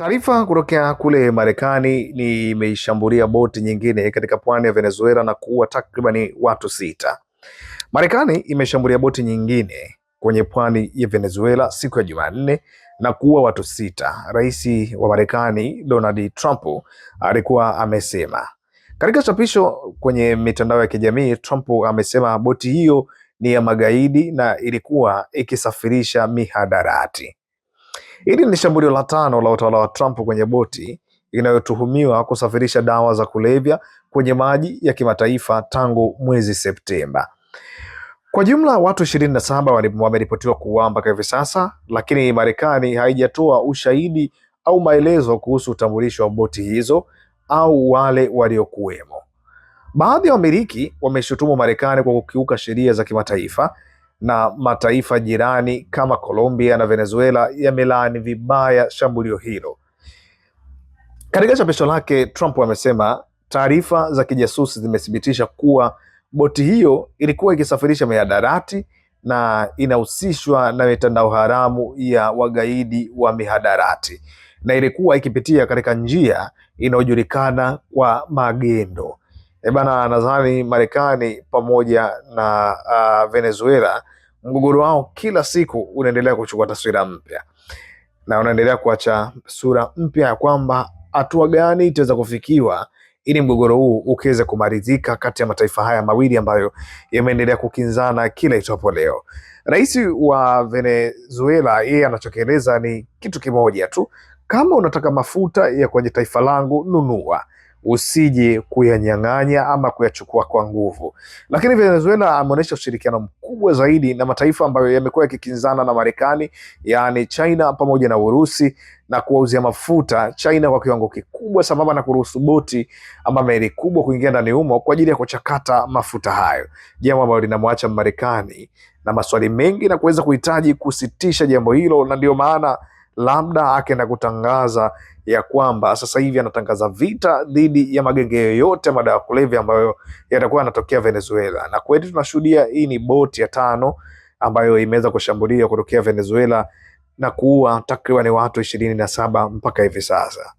Taarifa kutokea kule Marekani ni imeishambulia boti nyingine katika pwani ya Venezuela na kuua takribani watu sita. Marekani imeshambulia boti nyingine kwenye pwani ya Venezuela siku ya Jumanne na kuua watu sita. Rais wa Marekani Donald Trump alikuwa amesema katika chapisho kwenye mitandao ya kijamii. Trump amesema boti hiyo ni ya magaidi na ilikuwa ikisafirisha mihadarati. Hili ni shambulio la tano la utawala wa Trump kwenye boti inayotuhumiwa kusafirisha dawa za kulevya kwenye maji ya kimataifa tangu mwezi Septemba. Kwa jumla watu ishirini na saba wameripotiwa kuuawa mpaka hivi sasa, lakini Marekani haijatoa ushahidi au maelezo kuhusu utambulisho wa boti hizo au wale waliokuwemo. Baadhi ya wamiliki wameshutumu Marekani kwa kukiuka sheria za kimataifa na mataifa jirani kama Colombia na Venezuela yamelaani vibaya shambulio hilo. Katika chapisho lake, Trump amesema taarifa za kijasusi zimethibitisha kuwa boti hiyo ilikuwa ikisafirisha mihadarati na inahusishwa na mitandao haramu ya wagaidi wa mihadarati na ilikuwa ikipitia katika njia inayojulikana kwa magendo. E bana, nadhani Marekani pamoja na uh, Venezuela mgogoro wao kila siku unaendelea kuchukua taswira mpya na unaendelea kuacha sura mpya ya kwamba hatua gani itaweza kufikiwa ili mgogoro huu ukiweze kumalizika kati ya mataifa haya mawili ambayo yameendelea kukinzana kila itapo leo. Rais wa Venezuela yeye anachokieleza ni kitu kimoja tu, kama unataka mafuta ya kwenye taifa langu nunua, usije kuyanyang'anya ama kuyachukua kwa nguvu. Lakini Venezuela ameonyesha ushirikiano mkubwa zaidi na mataifa ambayo yamekuwa yakikinzana na Marekani, yaani China pamoja na Urusi, na kuwauzia mafuta China kwa kiwango kikubwa, sambamba na kuruhusu boti ama meli kubwa kuingia ndani humo kwa ajili ya kuchakata mafuta hayo, jambo ambalo linamwacha Marekani na maswali mengi na kuweza kuhitaji kusitisha jambo hilo, na ndiyo maana labda akaenda kutangaza ya kwamba sasa hivi anatangaza vita dhidi ya magenge yoyote madawa kulevya ambayo yatakuwa yanatokea Venezuela. Na kweli tunashuhudia hii ni boti ya tano ambayo imeweza kushambulia kutokea Venezuela na kuua takribani watu ishirini na saba mpaka hivi sasa.